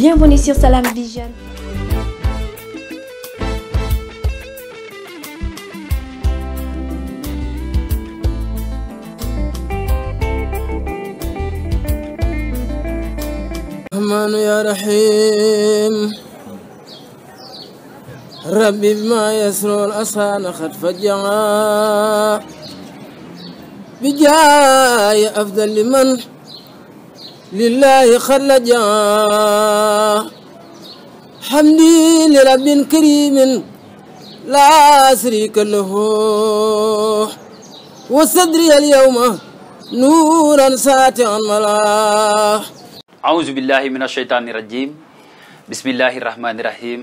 Bienvenue sur Salam Vision. الرحمن يا رحيم ربي بما يسر الأسان خد فجعا بجاي أفضل لمن لله خلجا حمدي لرب كريم لا شريك له وصدري اليوم نورا ساتعا ملا أعوذ بالله من الشيطان الرجيم بسم الله الرحمن الرحيم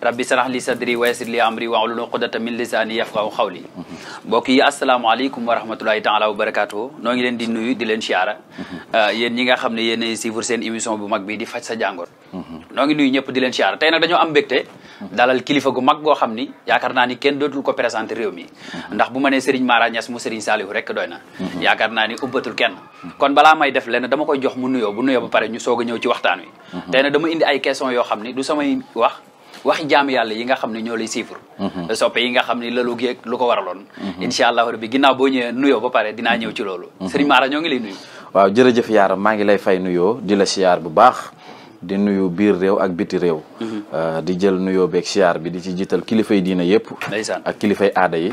rabbi sarah li sadri wa yassir li amri wahlul uqdatan min lisani yafqahu qawli mbokk yi asalaamaaleykum wa rahmatulahi taala wa barakaatu noo ngi leen di nuyu di leen siyaara euh, yéen ñi nga xam ne yéen suivre seen émission bu mag bi di faj sa jàngoor noo ngi nuyu ñëpp di leen siyaara tey nag dañoo am mbégte dalal kilifa gu mag goo xam ni yaakaar naa ni kenn dootul ko présenté réew mi ndax bu ma nee Serigne Mara Niass mu Serigne Saliou rek doy na yaakaar naa ni ubbatul kenn kon balaa may def lenn dama koy jox mu nuyoo bu nuyoo ba pare ñu a ñëw ci waxtaan wi tey nag dama indi ay question yoo xam ni du samay wax wax jaam yàlla yi nga xam ne ñoo lay suivre mhm. soppe yi nga xam ne lalu geeg lu ko waraloon mhm. incha allahu rabbi ginnaaw boo ñëwee nuyoo ba pare dinaa ñëw ci loolu mhm. sëriñ Mara ñoo ngi lay nuyu waaw jërëjëf Yaara maa ngi lay fay nuyoo di la siyaar bu baax di nuyu biir réew ak biti réew euh, di jël nuyoo beeg siyaar bi di ci jiital kilifay diina yëpp ak kilifay aada yi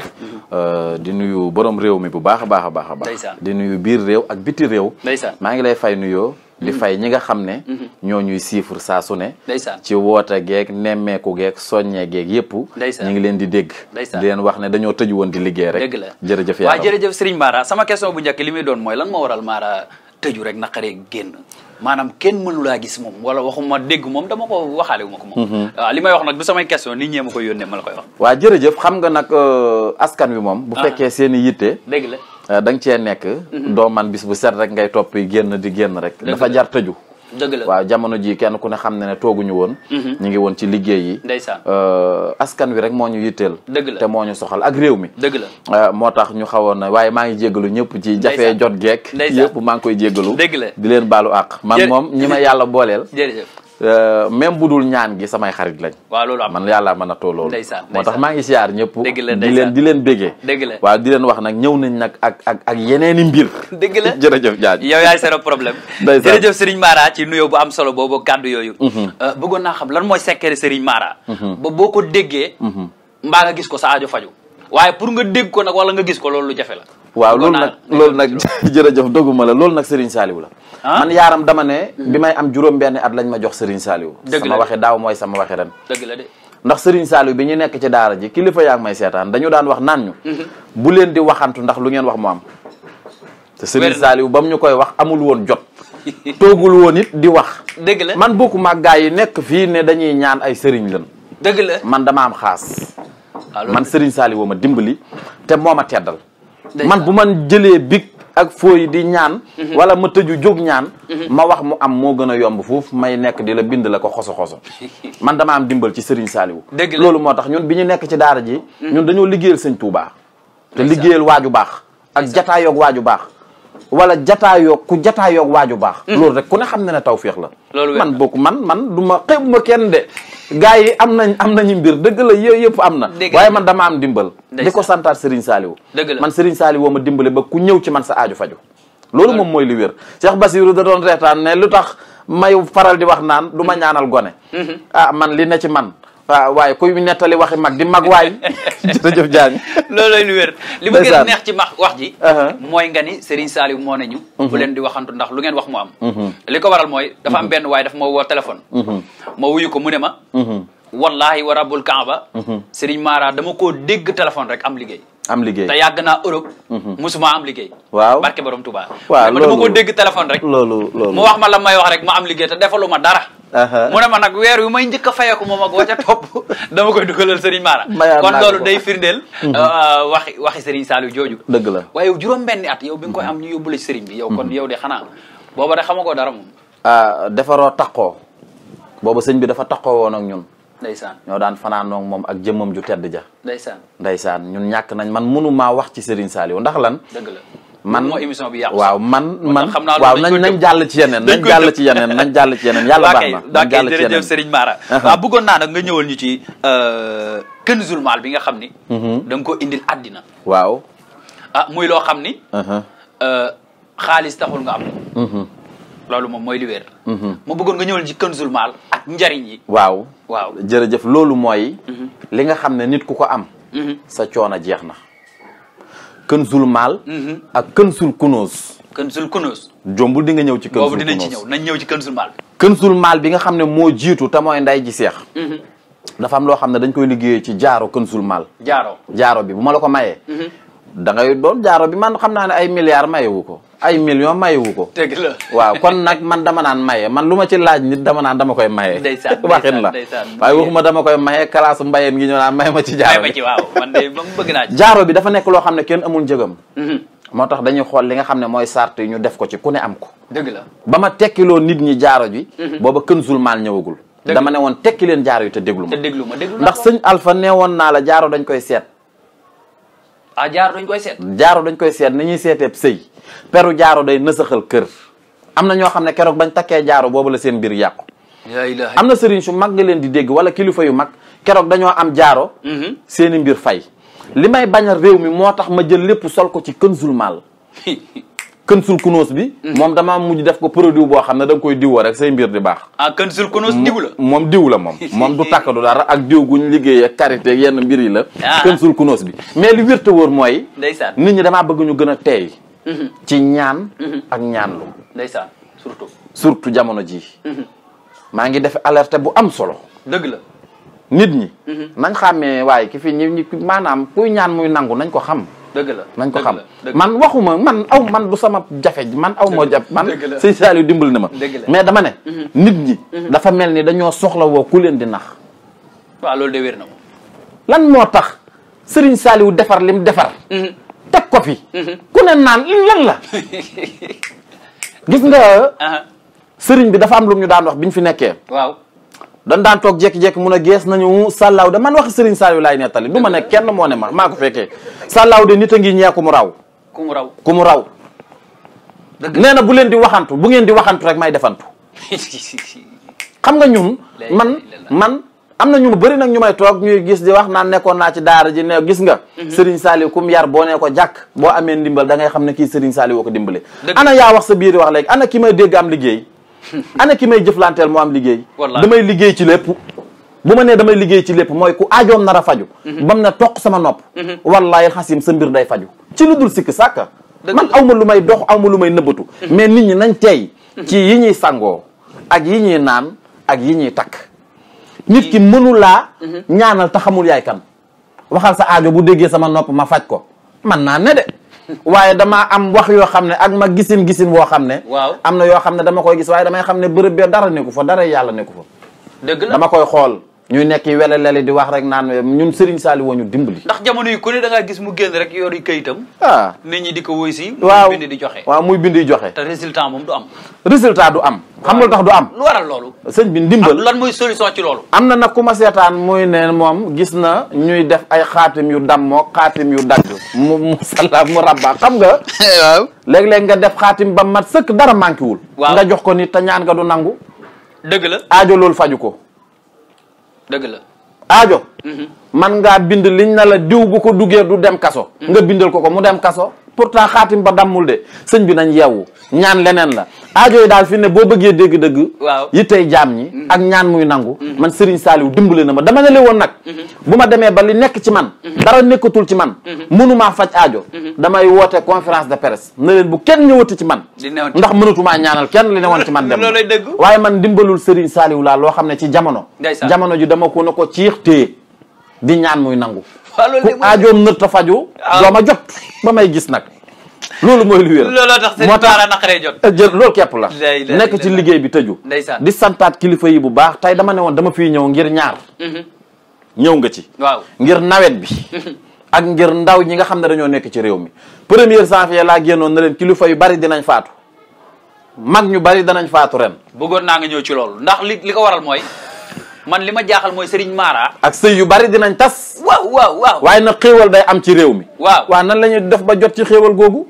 euh, di nuyu borom réew mi bu baax a baax a baax a baax di nuyu biir réew ak biti réew maa ngi lay fay nuyoo di mhm. fay ñi nga xam ne mhm. ñoo ñuy siifur saa su ne ci woote geeg nemmeeku geeg soññee geeg yëpp ñu ngi leen di dégg di leen wax ne dañoo tëj woon di liggéey rek la jërëjëf yaa waaw jërëjëf Serigne Mara sama question bu njëkk li muy doon mooy lan moo waral maara tëju rek naqaree génn maanaam ken mënu gis moom wala waxuma dégg moom dama ko waxaale wu ma ko moom mhm. waaw li may wax nag du samay question nit ñee ma koy yónnee ma la koy wax waaw jërëjëf xam nga nag euh, askan wi moom bu ah. fekkee seen i yitte dëgg la Euh, da nga cee nekk. Mhm. doo man bis bu set rek ngay topp génn di génn rek. dafa jar tëju. dëgg la waaw jamono ji kenn ku ne xam ne ne tooguñu woon. Mhm. ñu ngi woon ci liggéey yi. ndeysaan euh, askan wi rek moo ñu yitteel. dëgg te moo ñu soxal ak réew mi. dëgg la euh, moo tax ñu xawoon na waaye maa ngi jégalu ñëpp ci jafe jot geek. ndeysaan maa ngi koy jégalu. dëgg la di leen baalu àq. man moom ñi ma yàlla booleel. Euh, même bu dul ñaan gi samay xarit lañ. waaw loolu am man yàlla mën a too loolu. moo tax maa ngi siyaar ñëpp. dëgg la di leen di leen béggee. dëgg la waaw di leen wax nag ñëw nañ nag ak ak ak yeneeni mbir. dégg la jërëjëf Diagne. yow yaay seen problème. ndeysaan jërëjëf Serigne Mara ci nuyoo bu am solo boobu kàddu yooyu. Mm-hmm. Euh, bëggoon naa xam lan mooy secret Serigne Mara. Mm-hmm. ba boo ko déggee. Mm-hmm. mbaa nga gis ko sa aajo faju waaye pour nga dégg ko nag wala nga gis ko loolu lu jafe la. waaw loolu nag loolu nag jërëjëf doguma la loolu nag Serigne Saliou la Ah? man yaaram dama ne hmm. bi may am juróom benn at lañ ma jox Serigne Saliou sama waxe daaw mooy sama waxe ren dëgg de ndax Serigne Saliou bi ñu nekk ci daara ji kilifa yaa ngi may seetaan dañu daan wax naan ñu mhm. bu leen di waxantu ndax lu ngeen wax mu am te Serigne Saliou ba mu ñu koy wax amul woon jot toogul woon it di wax dëgg man bokkuma ak gaa yi nekk fii ne dañuy ñaan ay sëriñ lan dëgg man dama am xaas ah, man Serigne Saliou ma dimbali te moo ma teddal man bu man jëlee big ak fooy di ñaan mhm. wala ma tëju jóg ñaan mhm. ma wax mu am moo gën a yomb foofu may nekk di la bind la ko xoso xoso man dama am dimbal ci Serigne Saliou loolu moo tax ñun bi ñu nekk ci daara ji mhm. ñun dañoo liggéeyal sëñ Touba te liggéeyal waaju baax ak jataayoog waaju baax wala jataayoog ku jataayoog waaju baax mm-hmm. loolu rek ku ne xam ne ne tawféex la man bokk man man du ma xeeb ma kenn de gars yi am nañ am nañu mbir dëgg la yooyu yëpp am na waaye man dama am dimbal di ko santaat Serigne Saliou man Serigne Saliou ma dimbale ba ku ñëw ci man sa aajo faju loolu moom mooy li wér Cheikh Basirou da doon reetaan ne lu tax may faral di wax naan du ma ñaanal gone mm-hmm. ah man li ne ci man waaw waaye kuy nettali waxi mag di mag waay jërëjëf Diagne li ma gën a neex ci ma wax ji uh-huh. mooy nga ni Serigne Saliou moo ne ñu uh-huh. bu di waxantu ndax lu ngeen wax mu am uh-huh. li ko waral mooy dafa am benn waaye dafa ma woo téléphone ma wuyu ko mu ne ma wallahi wa rabbul kaaba Serigne Mara dama koo dégg téléphone rek am liggéey am liggéey te yàgg naa Europe musuma am liggéey waaw barke borom Touba waaw dama koo dégg téléphone rek loolu loolu mu wax ma la may wax rek ma am liggéey te defalu ma dara mu ne ma nag weer yu may njëkk a fayeeku moom ak wa ca topp dama koy dugalal Serigne Mara kon loolu day firndeel mhm. euh, waxi waxi Serigne Saliou jooju dëgg la waaye yow juróom benni at yow bi koy mhm. am ñu yóbbule Serigne bi yow kon mhm. yow de xanaa booba de ko dara moom ah, defaroo taqoo booba sëñ bi dafa taqoo woon ak ñun ndeysaan ñoo daan fanaanoog moom ak jëmmam ju tedd ja ndeysaan ndeysaan ñun ñàkk nañ man mënu maa wax ci Serigne Saliou ndax lan dëgg la man moo émission bi yàqu waaw man man waaw nañ nañ jàll ci yeneen nañ jàll ci yeneen nañ jàll ci yeneen yàlla baax na nañ jàll ci yeneen jërëjëf Serigne Mara waaw ah, bëggoon naa nag nga ñëwal ñu ci euh, Kanzul Maal bi nga xam ni mhm. da nga ko indil àddina waaw ah, muy loo xam ni uh-huh. euh, xaalis taxul nga am ko mhm. loolu moom mooy li wér mhm. mu bëggoon nga ñëwal ci Kanzul Maal ak njariñ yi waaw waaw jërëjëf loolu mooy li nga xam ne nit ku ko am sa coono jeex na Kënzul Maal. Mhm. ak Kënzul Kunóos. Kënzul Kunóos. jombul di nga ñëw ci. Kënzul dinañ ci ñëw nañ ñëw ci Kënzul Maal. Kënzul bi nga xam ne moo jiitu te mooy nday ji seex. Mhm. dafa am loo xam ne dañ koy liggéeyee ci jaaro Kënzul Maal. jaaro jaaro bi bu ma la ko mayee. Mhm. da doon jaaro bi man xam naa ne ay milliards mayewu ko ay millions mayewu ko. dëgg la waaw kon nag man dama naan maye man lu ma ci laaj nit dama naan dama koy maye. ndeysaan waxin la waaye waxuma dama koy maye classe mbayeen gi ñu naan may ma ci jaaro bi. ci waaw bëgg naa jaaro bi dafa nekk loo xam ne kenn amul njëgam. Mhm. moo tax dañuy xool li nga xam ne mooy sart yi ñu def ko ci ku ne am ko. dëgg la ba ma tekkiloo nit ñi jaaro bi mhm. booba Kënzul Maal ñëwagul. dama ne woon tekki leen jaaro yi te déglu ma. te déglu ma déglu ndax sëñ Alpha woon naa la jaaro dañ koy seet ah jaaro dañ koy seet. jaaro dañ koy seet ni ñuy seetee sëy peru jaaro day nësaxal kër am na ñoo xam ne keroog bañ takkee jaaro boobu la seen mbir yàqu. am na sëriñ su mag nga leen di dégg wala kilifa yu mag keroog dañoo am jaaro. Mm-hmm. seeni mbir fay. li may bañ a réew mi moo tax ma jël lépp sol ko ci Kanzul Maal kënsul kunoos bi hmm. moom damaa mujj def ko produit boo xam ne da koy koy diwoo rek say mbir di baax ah kënsul kunoos diw la moom diw la moom moom du tàkkadu dara ak diw guñ liggéey ak karité yenn mbir yi la ah. kënsul kunoos bi mais lu wér te wóor mooy ndeysaan nit ñi damaa bëgg ñu gën a teey hmm. ci ñaan hmm. ak ñaanlu ndeysaan surtout surtout jamono jii maa ngi def alerte bu am solo dëgg la nit ñi nan xàmmee waaye ki fi ñi maanaam kuy ñaan muy nangu nañ ko xam dëgg la nañ ko xam man waxuma man aw man du sama jafe man aw moo jaf man sëñ Saliou dimbal na ma mais dama ne mhm. nit ñi mhm. dafa mel ni dañoo soxla woo ku leen di nax waaw loolu de lan moo tax sëriñ Saliou defar lim defar mhm. teg ko fi ku ne naan lan gis nga sëriñ bi dafa am lu ñu daan wax biñ fi nekkee dan daan toog jékki-jékki mun a gees nañu sàllaaw de man waxi Serigne Saliou lay nettali du ma ne kenn moo ne man maa ko fekkee sàllaaw de nit a ngi ñee ku mu raw ku mu raw ku mu raw nee na bu leen di waxantu bu ngeen di waxantu rek may defantu xam nga ñun man man am na ñu mu nag ñu may toog ñuy gis di wax naan nekkoon naa ci daara ji ne gis nga mhm. Serigne Saliou kum yar boo ne ko jàkk boo amee ndimbal da ngay xam ne kii Serigne Saliou woo ko dimbale ana yaa wax sa biir wax léegi ana ki may dégg am liggéey ana ki may jëflanteel moo am liggéey damay liggéey ci lépp bu ma nee damay liggéey ci lépp mooy ku aajoom nar a faju mhm. bam na toq sama nopp mhm. wallaay xasim sa mbir day faju ci lu dul sikk sàkka man awma lu may dox awma lu may nëbbatu mhm. mais nit ñi nañ tey ci yi ñuy sangoo ak yi ñuy naan ak yi ñuy takk nit ki mënulaa ñaanal te xamul yaay kan waxal sa aajo bu déggee sama nopp ma faj ko man naa ne de waaye damaa am wax yoo xam ne ak ma gisin gisin woo xam ne waaw am na yoo xam ne dama koy gis waaye damay xam ne bërëb bee dara nekku fo dara yàlla nekku fo dëgg la dama koy xool ñuy nekk yi welelele di wax rek naan ñun Serigne Saliou woo ñu dimbali. ndax jamono yi ku ne gis mu génn rek yor yi kayitam. ah nit ñi di ko woy si. waaw muy bind di joxe. waaw muy bind joxe. te résultat moom du am. résultat du am. xam nga lu tax du am. lu waral loolu. sëñ bi ndimbal lan mooy solution ci loolu. am na nag ku ma seetaan muy ne moom gis na ñuy def ay xaatim yu dammoo xaatim yu dagg. mu mu salaam mu rabba xam nga. waaw léeg-léeg nga def xaatim ba mat sëkk dara manqué wul. waaw nga jox ko nit te ñaan nga du nangu. dëgg la aajo loolu faju ko dëgg la aajo mhm. man ngaa bind liñ na la diw bu ko duggee du dem kaso mhm. nga bindal ko ko mu dem kaso pourtant xaatim ba dammul de sëñ bi nañ yeewu ñaan leneen la aajo yi daal fi ne boo bëggee dégg-dëgg waaw yi tey jaam ñi mm. ak ñaan muy nangu mm-hmm. man Serigne Saliou dimbale na ma dama ne le woon nag mm-hmm. bu ma demee ba li nekk ci man mm-hmm. dara nekkatul ci man mënumaa faj aajo damay woote conférence de presse na leen bu kenn ñëwati ci man ndax mënatumaa ñaanal kenn li ne woon ci man dem waaye man dimbalul Serigne Saliou laa loo xam ne ci jamono jamono ji dama ko na ko ciix téye di ñaan muy nangu ku aajoom nër ta faju doo ma jot ba may gis nag loolu mooy lu wér looloo tax seen baara naqaree jot eh, jël loolu kepp la nekk ci liggéey bi tëju ndeysaan di santaat kilifa yi bu baax tey dama ne woon dama fi ñëw ngir ñaar mm-hmm. ñëw nga ci waaw ngir nawet bi ak ngir ndaw ñi nga xam ne dañoo nekk ci réew mi premier janvier laa génnoon na leen kilifa yu bari dinañ faatu mag ñu bari danañ faatu ren bëggoon naa nga ñëw ci loolu ndax li li waral mooy man li ma jaaxal mooy Serigne Mara. ak sëy yu bari dinañ tas. waaw waaw waaw. waaye nag xéewal day am ci réew mi. waaw waaw nan la ñuy def ba jot ci xéewal googu.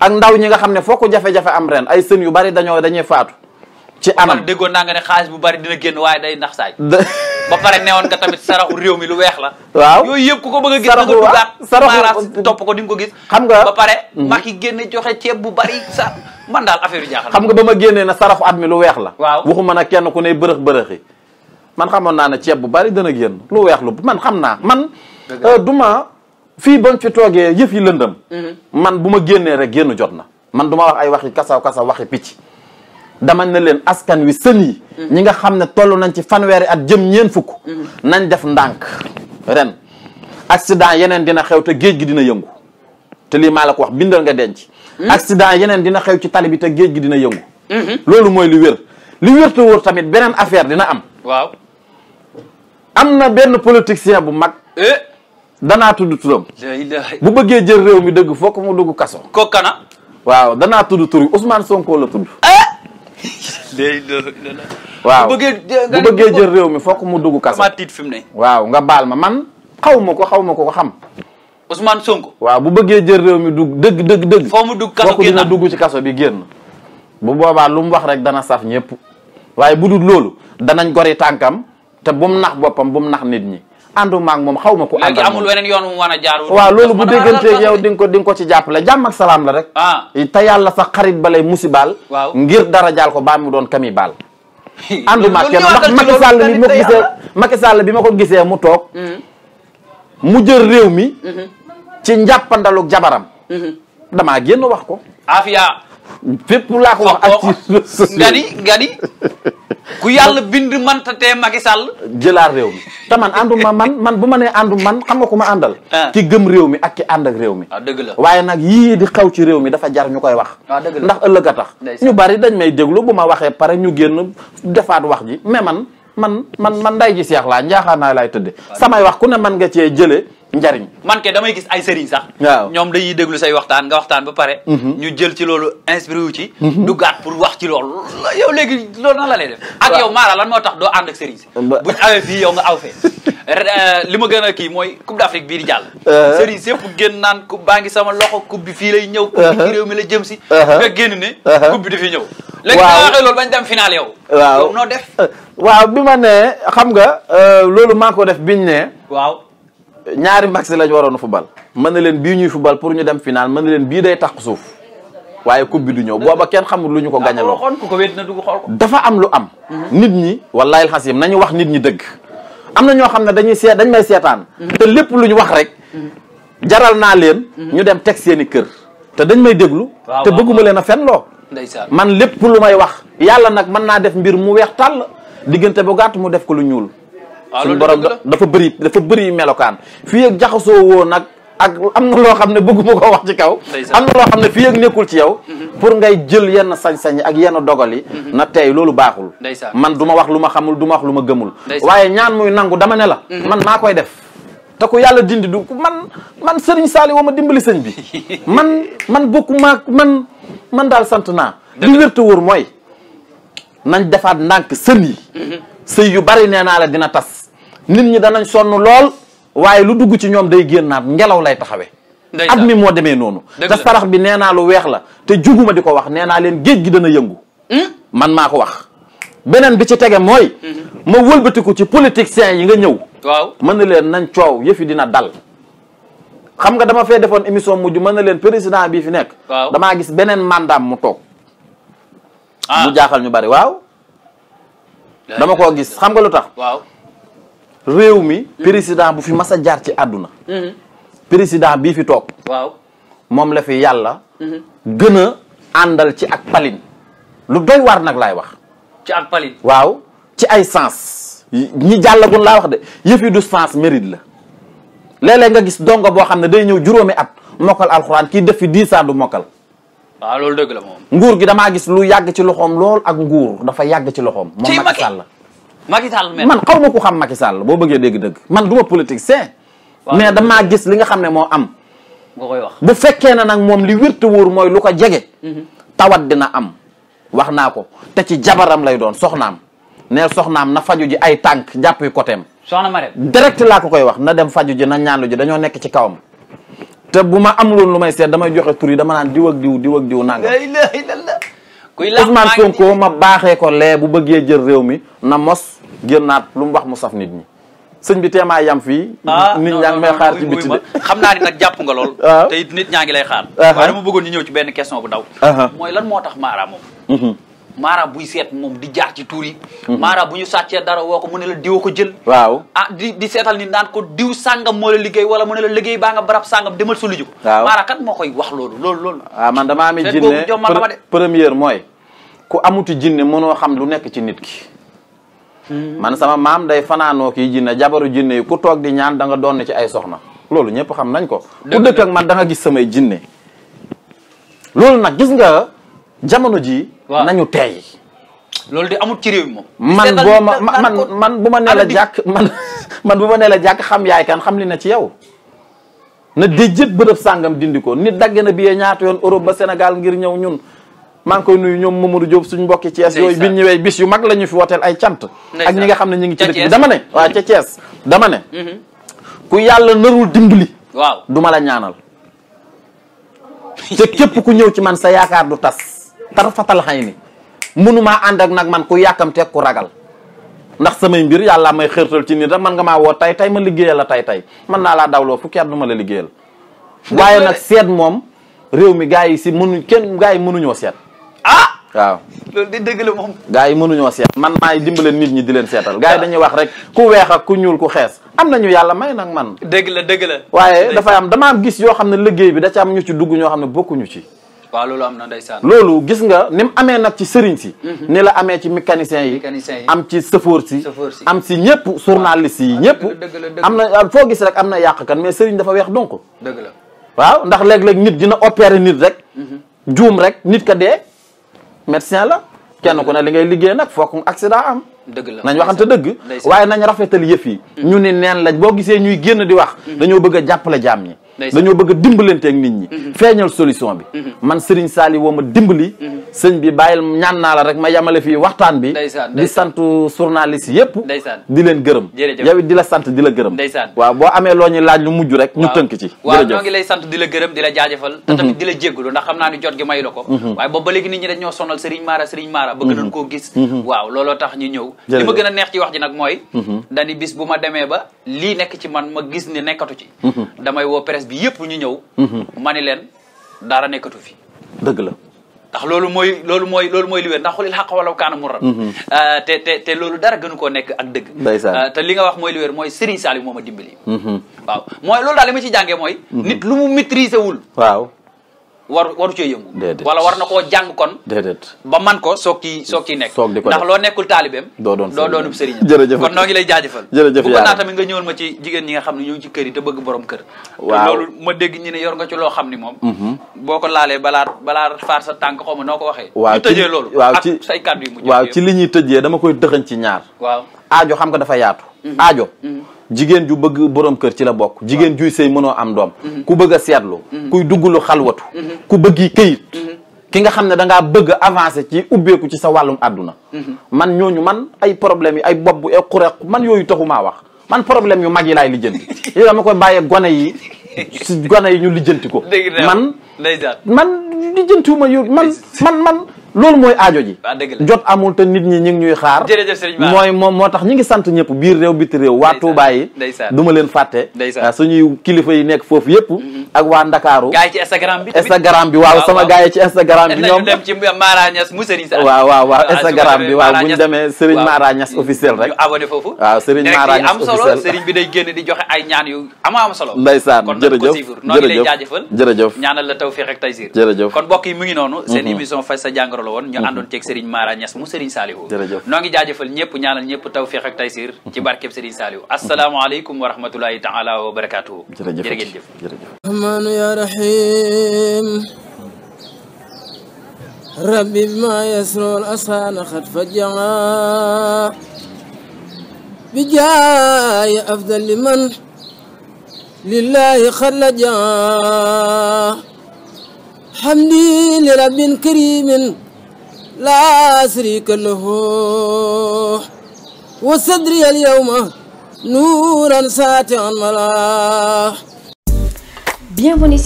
ak ndaw ñi nga xam ne fokk jafe-jafe am ren ay sën yu bari dañoo dañuy faatu. ci anam déggoon naa nga ne xaalis bu bari dina génn waaye day nax saay. ba pare newoon nga tamit saraxu réew mi lu weex la. waaw yooyu yëpp ko ba a gis. saraxu waaw saraxu nga ko di nga ko gis. xam nga ba pare. Mm-hmm. Macky génne joxe ceeb bu bari sa man daal affaire yu jaaxal. xam nga ba ma génnee na saraxu at mi lu weex la. waaw waxuma na kenn ku ne bërëx bërëxi man xamoon naa ne ceeb bu bari dana génn lu weex lu man xam naa man euh, duma fii bañ fi toogee yëf yi lëndëm mhm. man bu ma génnee rek génn jot na man du wax ay waxi kasaw kasaw waxi picc dama na leen askan wi sën yi mhm. ñi nga xam ne toll nañ ci fanweeri at jëm ñeen fukk mhm. nañ def ndànk ren accident yeneen dina xew te géej gi dina yëngu te lii maa la ko wax bindal nga denc accident yeneen dina xew ci tali bi te géej gi dina yëngu loolu mooy lu wér li wér te wóor tamit beneen affaire dina am waaw am na benn politicien bu mag. Eh? danaa tudd turam. bu bëggee jël réew mi dëgg fokk mu dugg kaso. kooku kana. waaw danaa tudd tur Ousmane Sonko la tudd. Eh? waaw bu bëggee jël réew mi fokk mu dugg kaso. waaw nga baal ma man xaw ma ko xaw ma ko ko xam. Ousmane Sonko. waaw bu bëggee jël réew mi dugg dëgg dëgg foo mu dugg kaso dina dugg ci kaso bi génn. bu boobaa lu mu wax rek dana saf ñëpp waaye bu dul loolu danañ gori tànkam. te bu mu nax boppam bu nax nit ñi ànduma ak moom xaw ma ku ànd amul weneen yoon mu war a jaar waaw loolu bu déggantee yow di nga ko di ko ci jàppale jàmm ak salaam la rek ah te yàlla sax xarit ba lay musibaal waaw ngir dara jaal ko baa mu doon kami baal ànduma ak kenn ndax ah. Macky Sall bi ma ko gisee bi ma ko gisee mu toog mm-hmm. mu jël réew mi mm-hmm. ci njàppandalu jabaram mm-hmm. damaa génn wax ko fépp laa ko wax ak ci nga di nga di ku yàlla bind manta tee Macky Sall jëlaat réew mi te man àndu ma man man bu ma nee àndu man xam nga ku ma àndal ah. ki gëm réew mi ak ki ànd ak réew mi waaw ah, dëgg la waaye nag yii di xaw ci réew mi dafa jar ñu koy wax ah, ndax ëllëg a tax ñu bari dañ may déglu bu ma waxee pare ñu génn defaat wax ji mais man man man man nday ji seex laa njaaxaanaay laay tëdde samay wax ku ne man nga cee jëlee njariñ man ke damay gis ay sëriñ sax waaw ñoom dañuy déglu say waxtaan nga waxtaan ba pare mhm. ñu jël ci loolu inspiré wu ci mhm. du gaat pour wax ci loolu yow léegi loolu nan la lay def ak yow maara lan moo tax doo ànd ak sëriñ si buñ awee fii yow nga aw fee euh, li ma a kii mooy coupe d'Afrique euh. ñëw uh-huh. la jëm si uh-huh. nga génn ne uh-huh. coupe bi dafi ñëw léegi nga waxee loolu bañ dem final yow waaw noo def uh, waaw bi ma ne xam nga euh, loolu maa ko def biñ ne ñaari max lañ waroon a fubal mën na leen bii ñuy fubal pour ñu dem final mën na leen bii day tax suuf waaye coupe bi du ñëw booba kenn xamul lu ñu ko gàñaloo dafa am lu am mhm. nit ñi wallahi alxasim nañu wax nit ñi dëgg am na ñoo xam ne dañuy seet dañ may seetaan mhm. te lépp lu ñu wax rek mhm. jaral naa leen ñu dem teg seen i kër te dañ may déglu te bëgguma leen a fen loo man lépp lu may wax yàlla nag mën naa def mbir mu weex tàll diggante bu gàtt mu def ko lu ñuul Ah, suñu borom dafa bëri dafa bëri melokaan fi ak jaxasoo woo nag ak am na loo xam ne bëgguma ko wax ci kaw am na loo xam ne fii ak nekkul ci yow mhm. pour ngay jël yenn sañ-sañ yi ak yenn dogali yi mhm. na tey loolu baaxul man du ma wax lu ma xamul du ma wax lu ma gëmul waaye ñaan muy nangu dama ne la mhm. man maa koy def te ko yàlla dindi du man man sëriñ saali woo ma dimbali sëñ bi man man bokku maa man man daal sant naa li wérta wóor mooy nañ defaat ndànk sën sëy yu bari nee naa la dina tas nit ñi danañ sonn lool waaye lu dugg ci ñoom day génnaat ngelaw lay taxawee at mi moo demee noonu te sarax bi nee naa lu weex la te juguma di ko wax nee naa leen géej gi dana yëngu hmm? man maa ko wax beneen bi ci tege mooy hmm. ma wëlbatiku ci politiciens yi nga ñëw waaw mën na leen nañ coow yëfi dina dal xam nga dama fee defoon émission mujj mën na leen président bii fi nekk damaa gis beneen màndaam mu toog ah. mu jaaxal ñu bari waaw dama koo gis xam nga lu tax waaw réew mi. président bu fi mas a jaar ci àdduna. Mhm. président bii fi toog. moom la fi yàlla. Mhm. gën a àndal ci ak palin. lu doy waar nag laay wax. ci ak palin. waaw ci ay sens. ñi jàllagoon laa wax de yëf yi du sens mérite la léeg nga gis dongo boo xam ne day ñëw juróomi at mokkal alxuraan kii def fi dix ans du mokkal. loolu dëgg nguur gi damaa gis lu yàgg ci loxoom lool ak nguur dafa yàgg ci loxoom. moom Macky Sall Macky Sall man kaw ma ku xam Macky Sall boo bëggee dégg dëgg man du ma politique c'est mais damaa gis li nga xam ne moo am nga koy wax bu fekkee ne nag moom li wér te wóor mooy lu ko jege mhm. tawat dina am wax naa ko te ci jabaram lay doon soxnaam ne soxnaam na faju ji ay tànk jàppuy côtéem soxna Marème direct laa ko koy wax na dem faju ji na ñaanlu ji dañoo nekk ci kawam te bu ma am loon lu may seet damay joxe tur dama naan diw ak diw diw ak diw nanga kuy Ousmane Sonko ma baaxee ko lee bu bëggee jël réew mi na mos génnaat lu mu wax mu saf nit ñi sëñ bi teemaa yam fii ah, nit ñaa ngi may xaar ci biti de xam naa ni nag jàpp nga lool ah. te it nit ñaa ngi lay xaar uh-huh. waaye mu bëggoon ñu ñëw ci benn question bu daw uh-huh. mooy lan moo tax Mara moom mm-hmm. maara buy seet moom di jaar ci tuur yi mhm. maara bu ñu sàccee dara woo ko mu ne la diw ko jël waaw a ah di di seetal ni naan ko diw sàngam moo la liggéey wala mu ne la liggéey baa nga barab sàngam demal su luji ko waaw maara kat moo koy wax loolu loolu loolu ah, man damaa amee jinne première mooy ku amuti jinne mënoo xam lu nekk ci nit ki hmm. man sama maam day fanaanoo ki jinne jabaru jinne yi ku toog di ñaan danga doon doon ci ay soxna loolu ñëpp xam nañ ko ku dëkk man da gis samay jinne jamono ji nañu tey. loolu de amut ci réew man boo ma man man bu ma nee la jàkk man man bu ma la jàkk xam yaay kan xam li na ci yow. na déjjët bërëb sàngam dindi ko nit dagg na billet ñaata yoon Europe ba Sénégal ngir ñëw ñun maa ngi koy nuyu ñoom Mamadou Diop suñu mbokki Thiès yooyu bi ñu ñëwee bis yu mag la ñu fi wooteel ay cant ak ñi nga xam ne ñu ngi ci dama ne waa ca Thiès dama ne mhm. ku yàlla narul dimbali waaw du ma la ñaanal te képp ku ñëw ci man sa yaakaar du tas tarfatal xay ni mënumaa ànd ak nag man ku yàkkamteeg ku ragal ndax samay mbir yàlla may xërtal ci nit rek man nga maa woo tey tey ma liggéeyal la tey tey mën naa laa dawloo fukki at du ma la liggéeyal waaye nag seet moom réew mi gaa yi si mënuñ kenn gaa yi mënuñoo seet ah waaw loolu di dëgg yi mënuñoo seet man maay dimbale nit ñi di leen seetal gars yi dañuy wax rek ku weex ak ku ñuul ku xees am nañu yàlla may nag man dëgg la dëgg la waaye dafay am dama gis yoo xam ne liggéey bi da ci am ñu ci dugg ñoo xam ne bokkuñu ci waaw loolu am na ndeysaan loolu gis nga ni mu amee nag ci sëriñ si mhm. ni la amee ci mécanicien yi am ci sëfoor si am si ñëpp journaliste yi ñëpp am na foo gis rek am na yàqkan mais sëriñ dafa weex donc dëgg la waaw ndax léeg-léeg nit dina opérer nit rek mhm. juum rek nit ka dee médecin la kenn ku ne li ngay liggéey nag fokk accident am dëgg la nañ waxante dëgg waaye nañ rafetal yëf yi mhm. ñu ni neen lañ boo gisee ñuy génn di wax dañoo bëgg a jàppale jaam yi dañoo bëgg a dimbalante ak nit ñi mhm. feeñal solution bi mhm. man Serigne Saliou woo ma dimbali mhm. sëñ bi bàyyil ñaan naa la rek ma yamale fii waxtaan bi di sant journaliste yëpp di leen gërëm yow di la sant di la gërëm waaw boo amee loo ñu laaj lu mujj rek ñu tënk ci waaw ñoo ngi lay sant di la gërëm di la jaajëfal te tamit di la jéggalu ndax xam naa ni jot gi mayu la ko waaye boobu ba nit ñi dañ ñoo sonal Serigne Mara Serigne Mara bëgg nañ koo gis waaw looloo tax ñu ñëw li ma gën a wax ji nag mooy dañi bis bu ma demee ba lii nekk ci man ma gis ni nekkatu ci presse bi yëpp ñu ñëw. Mhm. ma ni leen dara nekkatu fi. dëgg la. ndax loolu mooy loolu mooy loolu mooy li wér ndax xulil xaq walaw kaana murran mhm. euh, te te loolu dara gënu ko nekk ak dëgg euh, te li nga wax mooy li wér mooy Serigne Saliou moo ma dimbali mhm. waaw mooy loolu daal li ma ci jàngee mooy nit lu mu maîtriser wul waaw war waru cee yëngu. déedéet wala war na koo jàng kon. déedéet ba man ko soog ci soog ciy nekk. soog ndax loo nekkul taalibeem. doo doon doo doonub sëriñ. jërëjëf kon noo lay jaajëfal. jërëjëf yaa bu ko naa tamit nga ñëwoon ma ci jigéen ñi nga xam ne ñoo ngi ci kër yi te bëgg borom kër. waaw ma dégg ñu ne yor nga ci loo xam ni moom. Mm-hmm. boo ko laalee balaa balaa faar sa tànk xaw ma noo ko waxee. waaw ci ñu tëjee loolu. waaw ci ak say kàddu waaw ci li ñuy tëjee dama koy dëxañ ci ñaar. waaw aajo xam nga dafa yaatu. Mm-hmm. aajo mm-hmm. jigéen ju bëgg boroom kër ci la bokk jigéen juy sëy mënoo am doom mm-hmm. ku bëgg a seetlu mm-hmm. kuy dugg lu xalwatu mm-hmm. ku bëgg bëggi këyit ki nga xam ne da ngaa bëgg a avancé ci ubbeeku ci sa wàllum àdduna man ñooñu man ay problème yi ay bopp bu ay man yooyu taxumaa wax man problème yu mag yi laay lijjanti yow dama koy bàyyee gone yi si gone yi ñu lijjanti ko man man lijjantiwuma yu man man man loolu mooy aajo ji jot amul te nit ñi ñu ngi ñuy xaar mooy moom moo tax ñu ngi sant ñëpp biir réew biti réew waa Touba yi du ma leen fàtte suñuy kilifa yi nekk foofu yëpp mhm. ak waa Ndakaaru Instagram bi Instagram bi waaw sama gaa yi ci Instagram bi ñoom dem ci Mara Niass mu Serigne Sall waaw waaw waaw Instagram bi waaw bu ñu demee officiel rek waaw Serigne Mara Niass officiel Serigne bi day génn di joxe ay ñaan yu ama am solo ndeysaan jërëjëf jërëjëf ñaanal la tawfiq ak taysir jërëjëf kon mbokk yi mu ngi noonu seen mhm. émission la woon ñu mhm. àndoon ceeg Serigne Mara Niass mu Serigne Saliou noo ngi jaajëfal ñëpp ñaanal ñëpp tawféex ak taysir mhm. ci barkeb Serigne Saliou asalaamaaleykum wa rahmatulahi taala wa barakatuhu jërë ngeen jëf rahmaanu ya rahim rabbi ma yasrol asana xat fajaa bi jaay afdal liman lillahi xalaja حمدي لرب كريم لا شريك له وصدري اليوم نورا ساتعا ملاح Bienvenue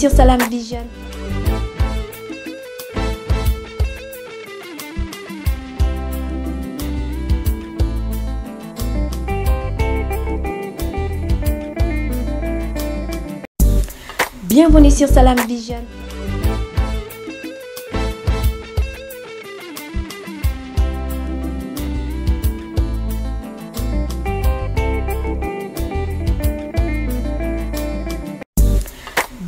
sur Salam